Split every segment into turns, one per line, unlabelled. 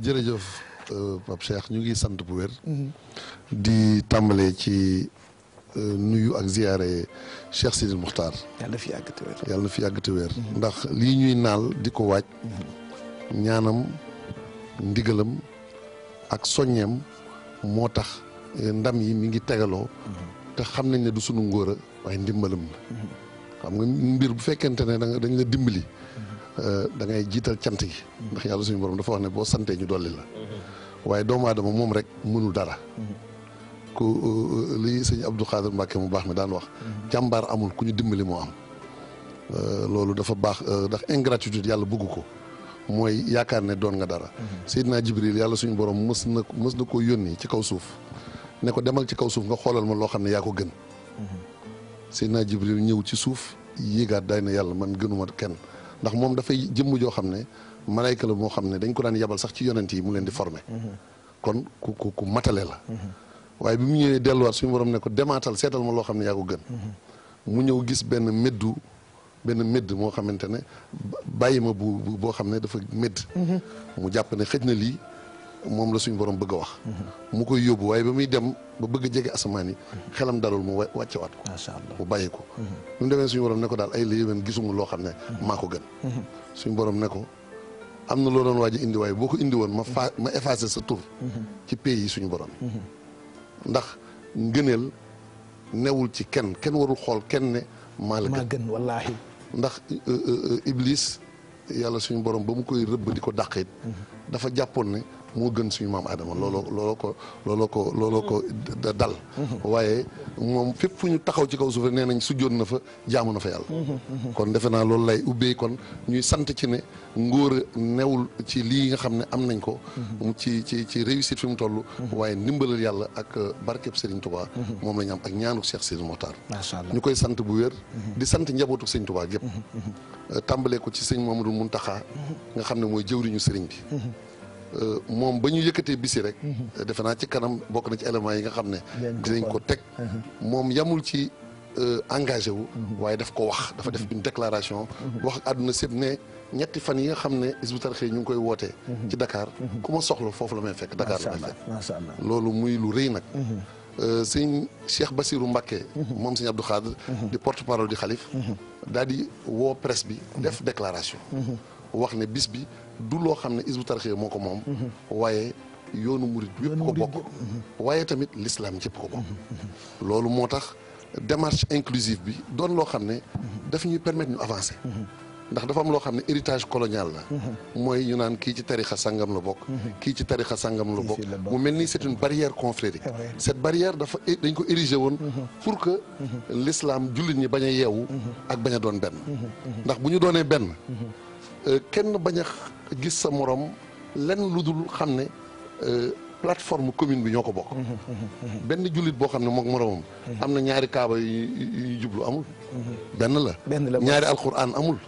jërëjëf euh, Pape Cheikh ñu ngi sant bu wér. Mhm. di tàmbalee ci euh, nuyu ak ziyaare Cheikh Sidil Muxtaar. yàlla na fi yàgg te na fi yàgg te mhm. ndax lii ñuy naal di ko waaj. Mhm. ñaanam ndigalam ak soññeem moo tax euh, ndam yi mi ngi tegaloo. te xam nañ ne du sunu ngóora waaye ndimbalam la. xam nga mbir bu fekkente ne dañ la dimbali. Euh, da ngay jiital cant yi ndax yàlla suñu borom dafa wax ne boo santee ñu dolli la waaye doomu aadama moom rek mënul dara ku euh, euh, li sëñ Abdou Khadir mu baax mi daan wax jàmbaar amul ku ñu dimbali moo am loolu dafa baax ndax ingratitude yàlla bëgg ko mooy yaakaar ne doon nga dara Seydina Jibril yàlla suñu borom mës na mës na ko yónni ci kaw suuf ne ko demal ci kaw suuf nga xoolal ma loo xam ne yaa ko gën
mhm.
Seydina Jibril ñëw ci suuf yéegaat day na yàlla man gënuma kenn ndax moom dafay jëmm joo xam ne malayka la boo xam ne dañ ko daan yabal sax ci yonent yi mu leen di formé kon ku ku ku matale la waaye bi mu ñëwee delluwaat suñu borom ne ko demaatal seetal ma loo xam ne yaa ko gën mu ñëw gis benn meddu benn medd moo xamante ne bàyyi ma bu boo xam ne dafa medd mhm. mu jàpp ne xëj na lii moom la suñu boroom bëgg a wax. mu koy yóbbu waaye ba muy dem ba bëgg a jege asamaan yi. xelam dalul mu wàccewaat ko. macha allah mu bàyyi ko. ñu mhm. demee suñu borom ne ko daal ay la loo xam ne. Mhm. maa ko gën. Mhm. suñu borom ne ko am na loo doon waaj a indi waaye boo ko indi woon ma fa ma effacé sa tur. ci pays suñu borom. ndax ngëneel newul ci kenn kenn warul xool kenn ne. maa la gën maa gën wallaahi. ndax Iblis yàlla suñu borom ba mu koy rëbb di ko dàq dafa jàppoon ne. moo gën suñu maam Adama looloo ko looloo ko looloo ko dal. waaye moom fépp fu ñu taxaw ci kaw suuf nee nañ su joon na fa jaamu na fa yàlla. kon defe naa loolu lay ubbee kon ñuy sant ci ne ngóor newul ci lii nga xam ne am nañ ko. ci ci ci réussite fi mu toll. waaye ndimbalal yàlla ak barkeb Serigne Touba. moom la ñu am ak ñaanuk Cheikh Sidi Mokhtar. macha ñu koy sant bu wér. Mhm. di sant njabootu Serigne Touba gépp mhm. tàmbalee ko ci sëñ Mamadou Mountakha. nga xam ne mooy jëwriñu Serigne bi. Mhm. Euh, moom ba ñu yëkkatee bisi rek. Mhm. defe naa ci kanam bokk na ci éléments yi nga xam ne. dinañ ko teg mhm. moom yamul ci. Euh, engagé wu mhm. waaye daf ko wax dafa def une déclaration wax ak àdduna sépp ne ñetti fan yi nga xam ne Hizbut Tarqiyyah ñu ngi koy wootee ci dakaar ku ma soxla foofu la may fekk Dakar la may fekk loolu muy lu rëy nag euh, sëñ Cheikh Bassirou Mbacké moom sëñ Abdou Khadre di porte parole di xalif daal di woo presse bi def déclaration wax ne bis bi du loo xam ne Hizbut Tarqiyyah moo ko moom waaye yoonu murit yëpp ko bokk waaye tamit l'islam yëpp ko loolu moo tax démarche inclusive bi doon loo xam ne daf ñuy permettre ñu ndax dafa am loo xam ne héritage colonial la mooy ñu naan kii ci tarixa sangam la bokk kii ci tarixa sangam la bokk mu mel ni c'est une barrière confrérique cette barrière dafa dañ ko érigé woon pour que l'islam jullit ñi bañ a yeewu ak baña doon benn ndax bu ñu doonee benn Euh, kenn bañ a gis sa morom lenn lu dul xam ne euh, plateforme commune bi ñoo ko bokk. benn jullit boo xam ne moom moromam. am na ñaari kaaba yu jublu amul. Mhm. benn la benn la ñaari alxuraan amul.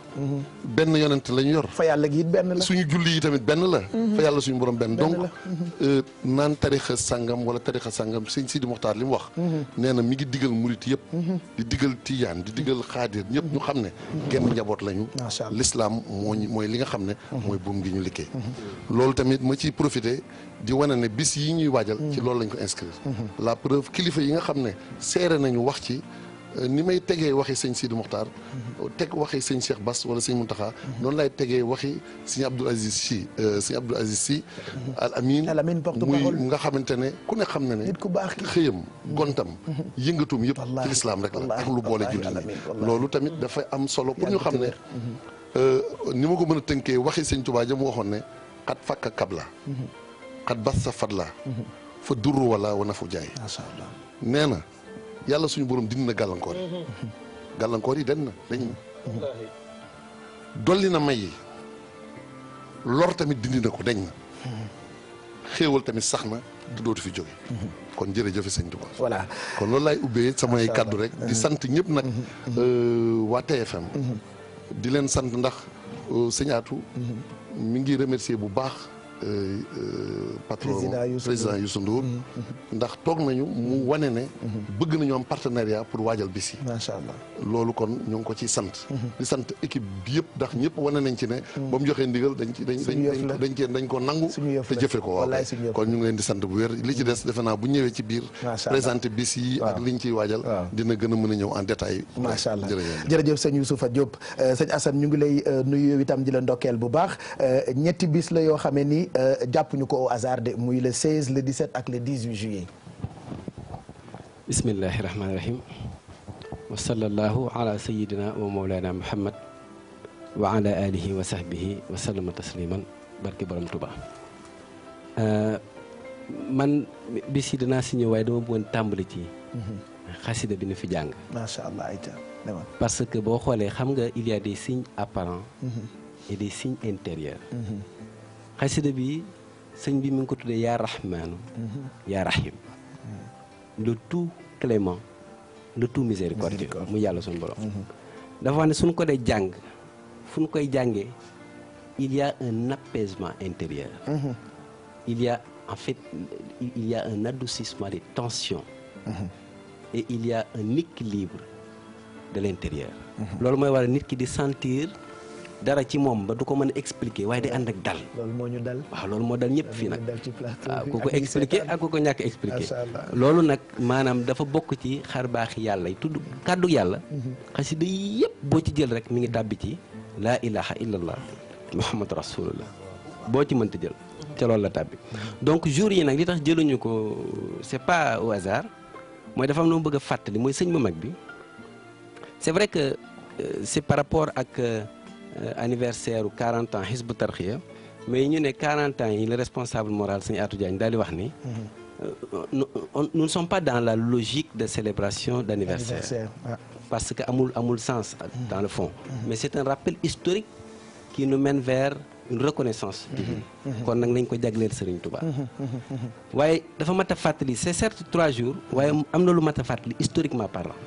benn yonent lañ yor. fa yàlla gi benn la suñu julli yi tamit benn la. fa yàlla suñu borom benn donc. Euh, naan tarixa sangam wala tarixa sangam sëñ Sidi Moxtaar li mu wax. Mhm. nee mi ngi digal murit yëpp. Mhm. di digal tijaan di digal xaadir ñëpp ñu xam ne. Mhm. genn njaboot lañu. macha allah lislaam moo mooy li nga xam ne. mooy buum gi ñu liggéey. loolu tamit ma ciy profité di wane ne bis yi ñuy waajal. ci loolu lañ ko inscrire. la preuve kilifa yi nga xam ne seere nañu wax ci. ni may tegee waxi sëñ Sidi Mokhtar. teg waxi sëñ Cheikh Bass wala sëñ Mountakha. noonu lay tegee waxi sëñ Abdoul Aziz Sy euh, sëñ Abdoul Aziz Sy. al amin al amin porte muy nga xamante ne ku ne xam ne ne. ku baax ki xëyam gontam. yëngatum yëpp ci lislaam rek la ak lu boole jullit ñi loolu tamit dafa am solo pour ñu xam ne. Euh, ni ma ko mën a tënkee waxi sëñ Tuubaa waxoon ne xat fakka kab la xat bas sa fad la fa durru wala wana fu jaay nee na yàlla suñu borom dindi na gàllankoor yi gàllankoor yi den na dañ
na
dolli na may yi lor tamit dindi na ko dañ na xéewal tamit sax na du dootu fi jóge kon jërëjëf sëñ Touba voilà kon loolu laay ubbee samay kàddu rek di sant ñëpp nag euh, waa TFM mhm. di leen sant ndax euh, sëñ mu mhm. ngi remercier bu baax Euh, euh, patron président Youssou Ndour mm-hmm. ndax toog nañu mu mm-hmm. wane ne mm-hmm. bëgg nañu am partenariat pour waajal bis yi macha allah loolu kon ñu ngi ko ci sant di sant équipe bi yëpp ndax ñëpp wane nañ ci ne ba mu joxee ndigal dañ ci dañ dañ dañ cee dañ ko nangu te jëfe ko waaw kon ñu ngi leen di sant bu wér li ci des defe naa bu ñëwee ci biir présenté bis yi ak liñ ci waajal dina gën a mën a ñëw en détail macha allah jërëjëf sëñ Youssoufa Diop euh, sëñ Assane ñu ngi lay nuyu itam di la ndokkeel bu baax ñetti bis la yoo xamee ni Euh, jàpp
ñu ko au hasard muy le 16 le 17 ak le 18 juillet. bismillahi rahmaani rahim wa sallallahu ala sayidina wa mawlana muhammad wa ala euh, man bis yi dinaa si ñëw waaye dama bëggoon tàmbali ci mhm. xasida bi nu fi jàng parce que boo xoolee xam nga il y a des signes mhm. et des signes intérieurs mhm. xasida bi sëñ bi mu ngi ko tuddee yaa rahmaanu yaa rahim le tout clément le tout miséricordieux mu yàlla suñu borom mhm. dafa wax ne suñ ko dee jàng fu koy jàngee il y a un apaisement intérieur mhm. il y a en fait il y a un adoucissement des tensions mhm. il y a un de l'intérieur loolu mooy waral nit ki di sentir dara ci moom ba du ko mën a expliquer waaye day ànd ak dal. loolu moo ñu dal waaw loolu moo dal ñëpp fii nag. waaw ku ko expliquer ak ku ko ñàkk expliquer. loolu nag maanaam dafa bokk ci xar baax yàlla yi tudd kàddu yàlla. Mhm. xasida yëpp boo ci jël rek mi ngi tàbbi ci laa ilaha illallah muhammad rasulullah boo ci mënta jël. ca loolu la tàbbi mhm. donc jour yi nag li tax jëluñu ko c'est pas au hasard mooy dafa am lu mu bëgg a fàttali mooy sëñ bu mag bi c'est vrai que euh, c'est par rapport ak. Euh, Euh, anniversaire u 40 ans Hizbut Tarqiyyah mais ñu ne 40 ans yi le responsable moral sëñ Atou Diagne daal di wax ni euh, euh, nous ne sommes pas dans la logique de célébration d'anniversaire parce que amul amul sens mm. dans le fond mm-hmm. mais c'est un rappel historique qui nous mène vers une reconnaissance mm-hmm. divine mm-hmm. kon nag nañ ko jagleel Serigne Touba waaye dafa mat a fàttali c'est certes trois jours waaye am na lu mat a fàttali historiquement parlant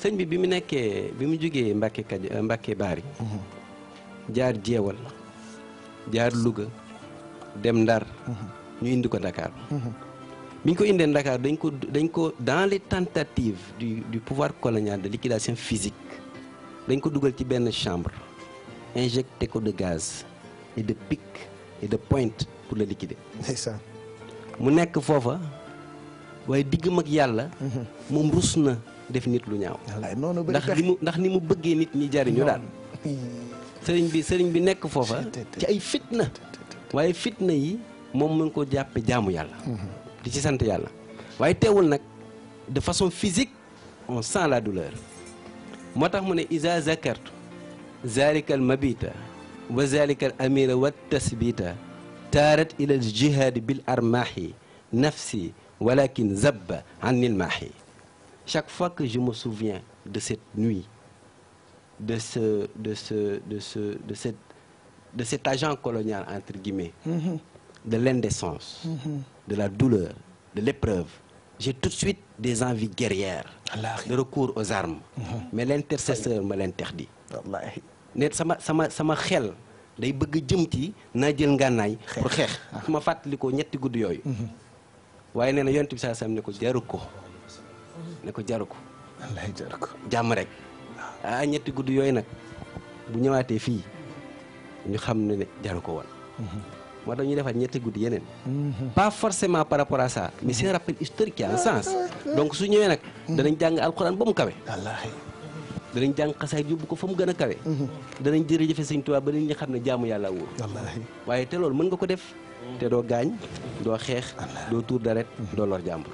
sëñ bi bi mu nekkee bi mu jógee Mbàkke Kaj euh, Mbàkke Baari mhm. jaar jeewal jaar Louga dem Ndar mhm. ñu indi ko Dakar mhm. bi ko indee Dakar dañ ko ko dans les tentatives du du pouvoir colonial de liquidation physique dañ ko dugal ci benn chambre injecté ko de gaz et de pic et de pointe pour le liquider. mu nekk foofa waaye digg mag yàlla moom rus na def nit lu ñaaw ndax ni mu ndax ni mu bëggee nit ñi jariñu daal sëriñ bi sëriñ bi nekk foofa ci ay fitna waaye fitna yi moom mu ngi ko jàppe jaamu yàlla mhm. di ci sant yàlla waaye teewul nag de façon physique on sent la douleur moo tax mu ne isa zakartu zalika al mabita wa zalika al amira wa tasbita taarat ila al jihaadi bil nafsi walakin zabba an nil Chaque fois que je me souviens de cette nuit, de, de, de, de, cette, de cet agent colonial, entre guillemets, mm -hmm. de l'indécence, mm -hmm. de la douleur, de l'épreuve, j'ai tout de suite des envies guerrières, de recours aux armes. Mm -hmm. Mais l'intercesseur me l'interdit. net sama sama sama xel day bëgg jëm ci naa jël ngànnaay pour xeex su ah. ma fàttali ko ñetti gudd yooyu mm-hmm. waaye nee na yonent bi saa sam ne ko jaru ko ne ko jaru ko. wallaay jaru jàmm rek. ah ñetti guddi yooyu nag bu ñëwaatee fii ñu xam ne ne jaru ko woon. Mhm. moo tax ñu defaat ñetti guddi yeneen. Mhm. pas forcément par rapport à ça mais c'est un rappel historique qui a un sens. donc su ñëwee nag. Mhm. danañ jàng alxuraan ba mu kawe. wallaahi. danañ jàng xasaay yóbbu ko fa mu gën a kawe. danañ jërëjëfe sëñ Tuubaa ba nit ñi xam ne jaamu yàlla wóor. wallaahi waaye te loolu mën nga ko def. te doo gaañ doo xeex doo tuur deret doo lor jàmbur.